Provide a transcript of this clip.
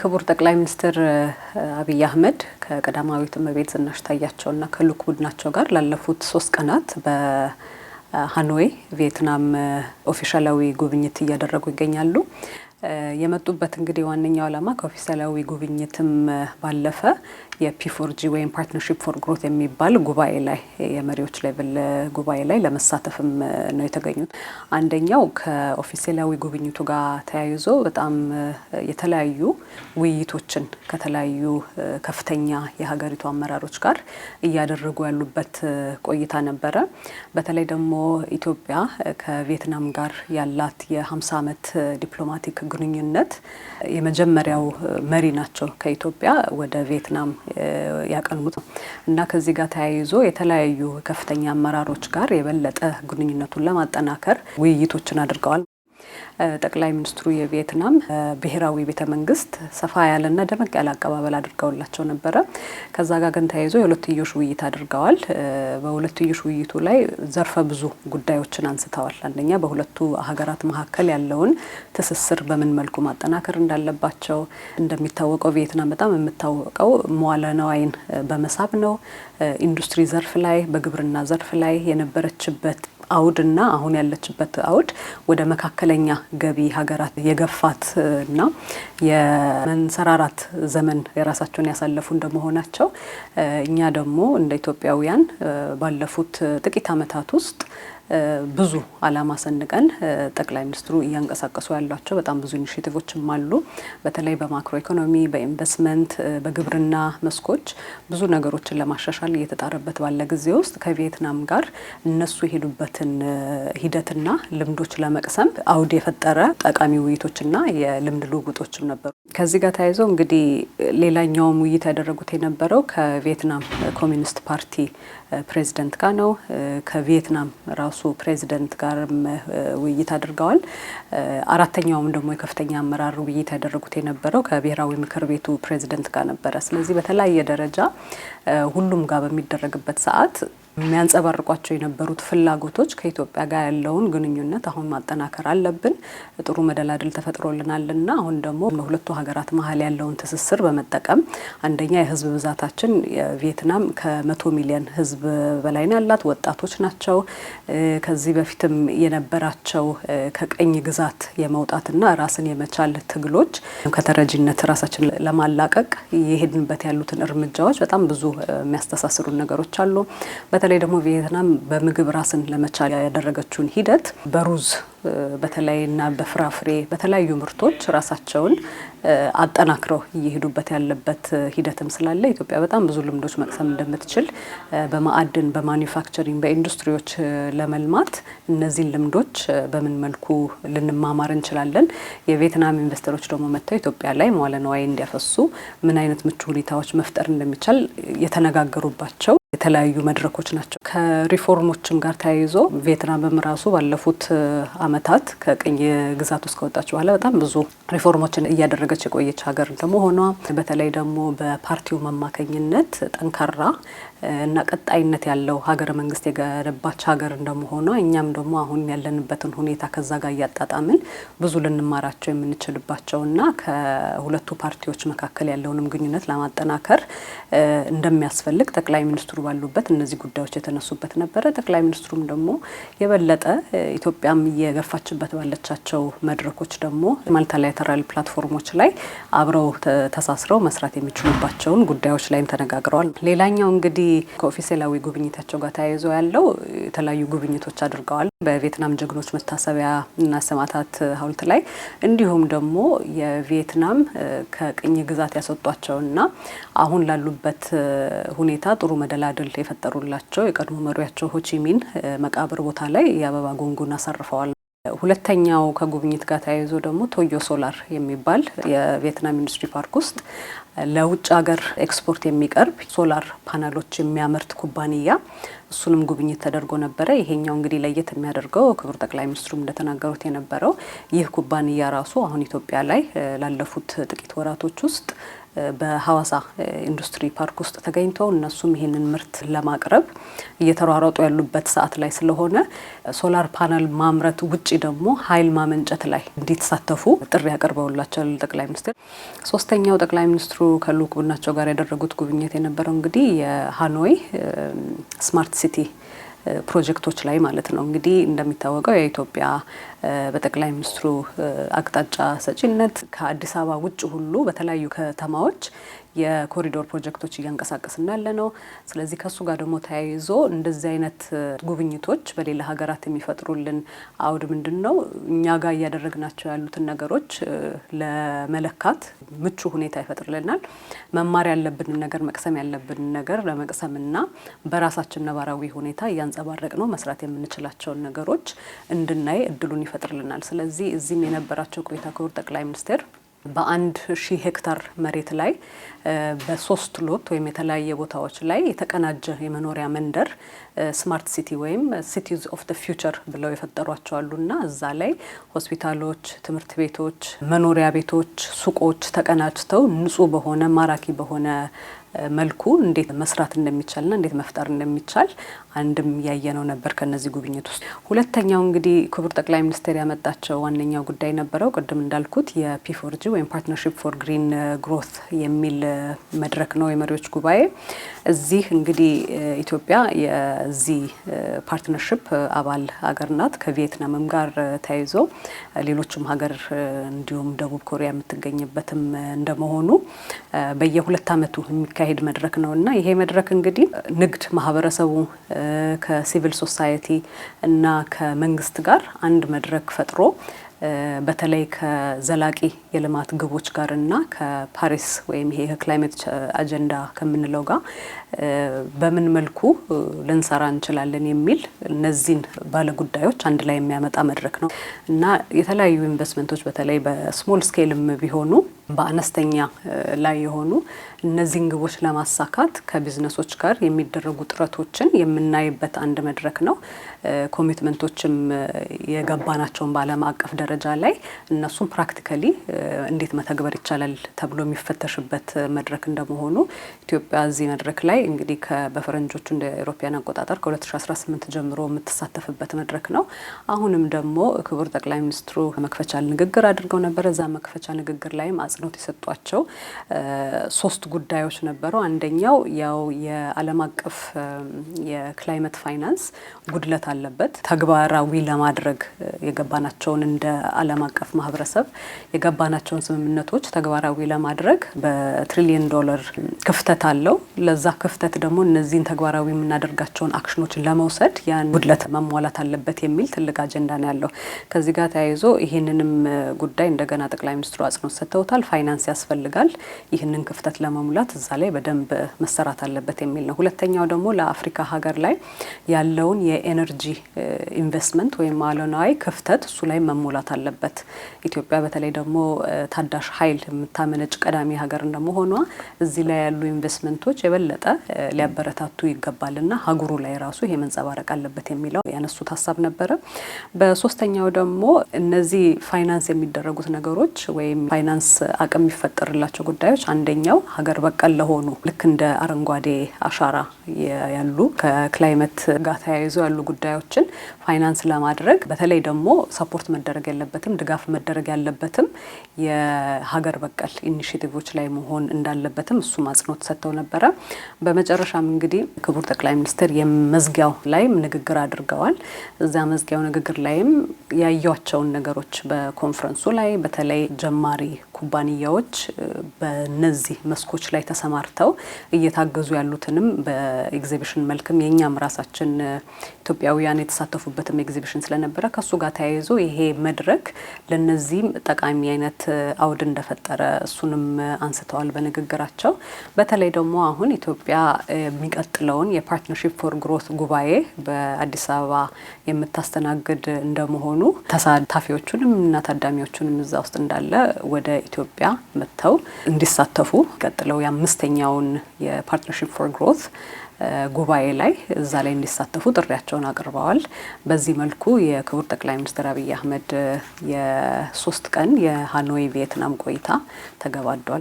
ክቡር ጠቅላይ ሚኒስትር አብይ አህመድ ከቀዳማዊት እመቤት ዝናሽ ታያቸውና ከልዑክ ቡድናቸው ጋር ላለፉት ሶስት ቀናት በሃኖይ ቪየትናም ኦፊሻላዊ ጉብኝት እያደረጉ ይገኛሉ። የመጡበት እንግዲህ ዋነኛው ዓላማ ከኦፊሳላዊ ጉብኝትም ባለፈ የፒፎርጂ ወይም ፓርትነርሺፕ ፎር ግሮት የሚባል ጉባኤ ላይ የመሪዎች ሌቭል ጉባኤ ላይ ለመሳተፍም ነው የተገኙት። አንደኛው ከኦፊሴላዊ ጉብኝቱ ጋር ተያይዞ በጣም የተለያዩ ውይይቶችን ከተለያዩ ከፍተኛ የሀገሪቱ አመራሮች ጋር እያደረጉ ያሉበት ቆይታ ነበረ። በተለይ ደግሞ ኢትዮጵያ ከቪየትናም ጋር ያላት የ50 ዓመት ዲፕሎማቲክ ግንኙነት የመጀመሪያው መሪ ናቸው ከኢትዮጵያ ወደ ቪየትናም ያቀልሙት እና ከዚህ ጋር ተያይዞ የተለያዩ ከፍተኛ አመራሮች ጋር የበለጠ ግንኙነቱን ለማጠናከር ውይይቶችን አድርገዋል። ጠቅላይ ሚኒስትሩ የቪየትናም ብሔራዊ ቤተ መንግስት ሰፋ ያለና ደመቅ ያለ አቀባበል አድርገውላቸው ነበረ። ከዛ ጋር ግን ተያይዞ የሁለትዮሽ ውይይት አድርገዋል። በሁለትዮሽ ውይይቱ ላይ ዘርፈ ብዙ ጉዳዮችን አንስተዋል። አንደኛ በሁለቱ ሀገራት መካከል ያለውን ትስስር በምን መልኩ ማጠናከር እንዳለባቸው። እንደሚታወቀው ቪየትናም በጣም የምታወቀው መዋለ በመሳብ ነው። ኢንዱስትሪ ዘርፍ ላይ፣ በግብርና ዘርፍ ላይ የነበረችበት አውድና አሁን ያለችበት አውድ ወደ መካከለኛ ገቢ ሀገራት የገፋት እና የመንሰራራት ዘመን የራሳቸውን ያሳለፉ እንደመሆናቸው እኛ ደግሞ እንደ ኢትዮጵያውያን ባለፉት ጥቂት ዓመታት ውስጥ ብዙ አላማ ሰንቀን ጠቅላይ ሚኒስትሩ እያንቀሳቀሱ ያሏቸው በጣም ብዙ ኢኒሽቲቮችም አሉ። በተለይ በማክሮ ኢኮኖሚ፣ በኢንቨስትመንት፣ በግብርና መስኮች ብዙ ነገሮችን ለማሻሻል እየተጣረበት ባለ ጊዜ ውስጥ ከቪየትናም ጋር እነሱ የሄዱበትን ሂደትና ልምዶች ለመቅሰም አውድ የፈጠረ ጠቃሚ ውይይቶችና የልምድ ልውውጦችም ነበሩ። ከዚህ ጋር ተያይዘው እንግዲህ ሌላኛውም ውይይት ያደረጉት የነበረው ከቪየትናም ኮሚኒስት ፓርቲ ፕሬዚደንት ጋር ነው። ከቪየትናም ራሱ ከራሱ ፕሬዚደንት ጋርም ውይይት አድርገዋል። አራተኛውም ደግሞ የከፍተኛ አመራር ውይይት ያደረጉት የነበረው ከብሔራዊ ምክር ቤቱ ፕሬዚደንት ጋር ነበረ። ስለዚህ በተለያየ ደረጃ ሁሉም ጋር በሚደረግበት ሰዓት የሚያንጸባርቋቸው የነበሩት ፍላጎቶች ከኢትዮጵያ ጋር ያለውን ግንኙነት አሁን ማጠናከር አለብን። ጥሩ መደላድል ተፈጥሮልናል እና አሁን ደግሞ በሁለቱ ሀገራት መሀል ያለውን ትስስር በመጠቀም አንደኛ የህዝብ ብዛታችን ቪየትናም ከመቶ ሚሊዮን ህዝብ በላይ ነው ያላት፣ ወጣቶች ናቸው። ከዚህ በፊትም የነበራቸው ከቀኝ ግዛት የመውጣትና ራስን የመቻል ትግሎች ከተረጂነት ራሳችን ለማላቀቅ የሄድንበት ያሉትን እርምጃዎች በጣም ብዙ የሚያስተሳስሩን ነገሮች አሉ። በተለይ ደግሞ ቪየትናም በምግብ ራስን ለመቻል ያደረገችውን ሂደት በሩዝ በተለይና በፍራፍሬ በተለያዩ ምርቶች ራሳቸውን አጠናክረው እየሄዱበት ያለበት ሂደትም ስላለ ኢትዮጵያ በጣም ብዙ ልምዶች መቅሰም እንደምትችል በማዕድን፣ በማኒፋክቸሪንግ፣ በኢንዱስትሪዎች ለመልማት እነዚህን ልምዶች በምን መልኩ ልንማማር እንችላለን፣ የቪየትናም ኢንቨስተሮች ደግሞ መጥተው ኢትዮጵያ ላይ መዋለ ንዋይ እንዲያፈሱ ምን አይነት ምቹ ሁኔታዎች መፍጠር እንደሚቻል የተነጋገሩባቸው የተለያዩ መድረኮች ናቸው። ከሪፎርሞችም ጋር ተያይዞ ቪየትናምም ራሱ ባለፉት አመታት ከቅኝ ግዛት ውስጥ ከወጣች በኋላ በጣም ብዙ ሪፎርሞችን እያደረገች የቆየች ሀገር እንደመሆኗ በተለይ ደግሞ በፓርቲው አማካኝነት ጠንካራ እና ቀጣይነት ያለው ሀገረ መንግስት የገነባች ሀገር እንደመሆኗ እኛም ደግሞ አሁን ያለንበትን ሁኔታ ከዛ ጋር እያጣጣምን ብዙ ልንማራቸው የምንችልባቸው እና ከሁለቱ ፓርቲዎች መካከል ያለውንም ግንኙነት ለማጠናከር እንደሚያስፈልግ ጠቅላይ ሚኒስትሩ ባሉበት እነዚህ ጉዳዮች የተነሱበት ነበረ። ጠቅላይ ሚኒስትሩም ደግሞ የበለጠ ኢትዮጵያም እየገፋችበት ባለቻቸው መድረኮች ደግሞ ማልቲላተራል ፕላትፎርሞች ላይ አብረው ተሳስረው መስራት የሚችሉባቸውን ጉዳዮች ላይም ተነጋግረዋል። ሌላኛው እንግዲህ ከኦፊሴላዊ ጉብኝታቸው ጋር ተያይዞ ያለው የተለያዩ ጉብኝቶች አድርገዋል። በቪየትናም ጀግኖች መታሰቢያ እና ሰማዕታት ሐውልት ላይ እንዲሁም ደግሞ የቪየትናም ከቅኝ ግዛት ያስወጧቸውና አሁን ላሉበት ሁኔታ ጥሩ መደላደል የፈጠሩላቸው የቀድሞ መሪያቸው ሆቺሚን መቃብር ቦታ ላይ የአበባ ጉንጉን አሳርፈዋል። ሁለተኛው ከጉብኝት ጋር ተያይዞ ደግሞ ቶዮ ሶላር የሚባል የቪየትናም ኢንዱስትሪ ፓርክ ውስጥ ለውጭ ሀገር ኤክስፖርት የሚቀርብ ሶላር ፓነሎች የሚያመርት ኩባንያ እሱንም ጉብኝት ተደርጎ ነበረ። ይሄኛው እንግዲህ ለየት የሚያደርገው ክቡር ጠቅላይ ሚኒስትሩም እንደተናገሩት የነበረው ይህ ኩባንያ ራሱ አሁን ኢትዮጵያ ላይ ላለፉት ጥቂት ወራቶች ውስጥ በሀዋሳ ኢንዱስትሪ ፓርክ ውስጥ ተገኝተው እነሱም ይህንን ምርት ለማቅረብ እየተሯሯጡ ያሉበት ሰዓት ላይ ስለሆነ ሶላር ፓነል ማምረት ውጪ ደግሞ ኃይል ማመንጨት ላይ እንዲተሳተፉ ጥሪ ያቀርበውላቸዋል ጠቅላይ ሚኒስትር። ሶስተኛው ጠቅላይ ሚኒስትሩ ከልዑክ ቡድናቸው ጋር ያደረጉት ጉብኝት የነበረው እንግዲህ የሃኖይ ስማርት ሲቲ ፕሮጀክቶች ላይ ማለት ነው። እንግዲህ እንደሚታወቀው የኢትዮጵያ በጠቅላይ ሚኒስትሩ አቅጣጫ ሰጪነት ከአዲስ አበባ ውጭ ሁሉ በተለያዩ ከተማዎች የኮሪዶር ፕሮጀክቶች እያንቀሳቀስን ያለ ነው። ስለዚህ ከእሱ ጋር ደግሞ ተያይዞ እንደዚህ አይነት ጉብኝቶች በሌላ ሀገራት የሚፈጥሩልን አውድ ምንድን ነው? እኛ ጋር እያደረግናቸው ያሉትን ነገሮች ለመለካት ምቹ ሁኔታ ይፈጥርልናል። መማር ያለብንን ነገር፣ መቅሰም ያለብንን ነገር ለመቅሰምና በራሳችን ነባራዊ ሁኔታ እያንጸባረቅ ነው መስራት የምንችላቸውን ነገሮች እንድናይ እድሉን ይፈጥርልናል። ስለዚህ እዚህም የነበራቸው ቆይታ ክቡር ጠቅላይ ሚኒስትር በአንድ ሺህ ሄክታር መሬት ላይ በሶስት ሎት ወይም የተለያየ ቦታዎች ላይ የተቀናጀ የመኖሪያ መንደር ስማርት ሲቲ ወይም ሲቲዝ ኦፍ ደ ፊውቸር ብለው የፈጠሯቸዋሉ አሉና እዛ ላይ ሆስፒታሎች፣ ትምህርት ቤቶች፣ መኖሪያ ቤቶች፣ ሱቆች ተቀናጅተው ንጹህ በሆነ ማራኪ በሆነ መልኩ እንዴት መስራት እንደሚቻልና እንዴት መፍጠር እንደሚቻል አንድም ያየነው ነበር ከነዚህ ጉብኝት ውስጥ። ሁለተኛው እንግዲህ ክቡር ጠቅላይ ሚኒስትር ያመጣቸው ዋነኛው ጉዳይ ነበረው ቅድም እንዳልኩት የፒፎርጂ ወይም ፓርትነርሽፕ ፎር ግሪን ግሮት የሚል መድረክ ነው የመሪዎች ጉባኤ። እዚህ እንግዲህ ኢትዮጵያ የዚህ ፓርትነርሽፕ አባል ሀገር ናት። ከቪየትናምም ጋር ተያይዞ ሌሎችም ሀገር እንዲሁም ደቡብ ኮሪያ የምትገኝበትም እንደመሆኑ በየሁለት ዓመቱ የሚካሄድ መድረክ ነው እና ይሄ መድረክ እንግዲህ ንግድ ማህበረሰቡ ከሲቪል ሶሳይቲ እና ከመንግስት ጋር አንድ መድረክ ፈጥሮ በተለይ ከዘላቂ የልማት ግቦች ጋር እና ከፓሪስ ወይም ይሄ ክላይሜት አጀንዳ ከምንለው ጋር በምን መልኩ ልንሰራ እንችላለን የሚል እነዚህን ባለጉዳዮች አንድ ላይ የሚያመጣ መድረክ ነው እና የተለያዩ ኢንቨስትመንቶች በተለይ በስሞል ስኬልም ቢሆኑ በአነስተኛ ላይ የሆኑ እነዚህን ግቦች ለማሳካት ከቢዝነሶች ጋር የሚደረጉ ጥረቶችን የምናይበት አንድ መድረክ ነው። ኮሚትመንቶችም የገባናቸውን በዓለም አቀፍ ደረጃ ላይ እነሱም ፕራክቲካሊ እንዴት መተግበር ይቻላል ተብሎ የሚፈተሽበት መድረክ እንደመሆኑ ኢትዮጵያ እዚህ መድረክ ላይ እንግዲህ በፈረንጆቹ እንደ ኤሮፓያን አቆጣጠር ከ2018 ጀምሮ የምትሳተፍበት መድረክ ነው። አሁንም ደግሞ ክቡር ጠቅላይ ሚኒስትሩ መክፈቻ ንግግር አድርገው ነበር እዛ መክፈቻ ንግግር ላይም አጽንኦት የሰጧቸው ሶስት ጉዳዮች ነበሩ። አንደኛው ያው የዓለም አቀፍ የክላይመት ፋይናንስ ጉድለት አለበት። ተግባራዊ ለማድረግ የገባናቸውን እንደ ዓለም አቀፍ ማህበረሰብ የገባናቸውን ስምምነቶች ተግባራዊ ለማድረግ በትሪሊየን ዶላር ክፍተት አለው። ለዛ ክፍተት ደግሞ እነዚህን ተግባራዊ የምናደርጋቸውን አክሽኖች ለመውሰድ ያን ጉድለት መሟላት አለበት የሚል ትልቅ አጀንዳ ነው ያለው። ከዚህ ጋር ተያይዞ ይህንንም ጉዳይ እንደገና ጠቅላይ ሚኒስትሩ አጽንኦት ሰጥተውታል። ፋይናንስ ያስፈልጋል። ይህንን ክፍተት ለመሙላት እዛ ላይ በደንብ መሰራት አለበት የሚል ነው። ሁለተኛው ደግሞ ለአፍሪካ ሀገር ላይ ያለውን የኤነርጂ ኢንቨስትመንት ወይም አለናዊ ክፍተት እሱ ላይ መሞላት አለበት። ኢትዮጵያ በተለይ ደግሞ ታዳሽ ኃይል የምታመነጭ ቀዳሚ ሀገር እንደመሆኗ እዚህ ላይ ያሉ ኢንቨስትመንቶች የበለጠ ሊያበረታቱ ይገባልና ሀገሩ ላይ ራሱ ይሄ መንጸባረቅ አለበት የሚለው ያነሱት ሀሳብ ነበረ። በሶስተኛው ደግሞ እነዚህ ፋይናንስ የሚደረጉት ነገሮች ወይም ፋይናንስ አቅም የሚፈጠርላቸው ጉዳዮች አንደኛው ሀገር በቀል ለሆኑ ልክ እንደ አረንጓዴ አሻራ ያሉ ከክላይመት ጋር ተያይዞ ያሉ ጉዳዮችን ፋይናንስ ለማድረግ በተለይ ደግሞ ሰፖርት መደረግ ያለበትም ድጋፍ መደረግ ያለበትም የሀገር በቀል ኢኒሽቲቮች ላይ መሆን እንዳለበትም እሱም አጽንኦት ሰጥተው ነበረ። በመጨረሻም እንግዲህ ክቡር ጠቅላይ ሚኒስትር የመዝጊያው ላይም ንግግር አድርገዋል። እዛ መዝጊያው ንግግር ላይም ያዩዋቸውን ነገሮች በኮንፈረንሱ ላይ በተለይ ጀማሪ ኩባንያዎች በነዚህ መስኮች ላይ ተሰማርተው እየታገዙ ያሉትንም በኤግዚቢሽን መልክም የእኛም ራሳችን ኢትዮጵያውያን የተሳተፉበትም ኤግዚቢሽን ስለነበረ ከእሱ ጋር ተያይዞ ይሄ መድረክ ለነዚህም ጠቃሚ አይነት አውድ እንደፈጠረ እሱንም አንስተዋል በንግግራቸው። በተለይ ደግሞ አሁን ኢትዮጵያ የሚቀጥለውን የፓርትነርሺፕ ፎር ግሮት ጉባኤ በአዲስ አበባ የምታስተናግድ እንደመሆኑ ተሳታፊዎቹንም እና ታዳሚዎቹንም እዛ ውስጥ እንዳለ ወደ ኢትዮጵያ መጥተው እንዲሳተፉ ቀጥለው የአምስተኛውን የፓርትነርሽፕ ፎር ግሮት ጉባኤ ላይ እዛ ላይ እንዲሳተፉ ጥሪያቸውን አቅርበዋል። በዚህ መልኩ የክቡር ጠቅላይ ሚኒስትር አብይ አህመድ የሶስት ቀን የሃኖይ ቪየትናም ቆይታ ተገባዷል።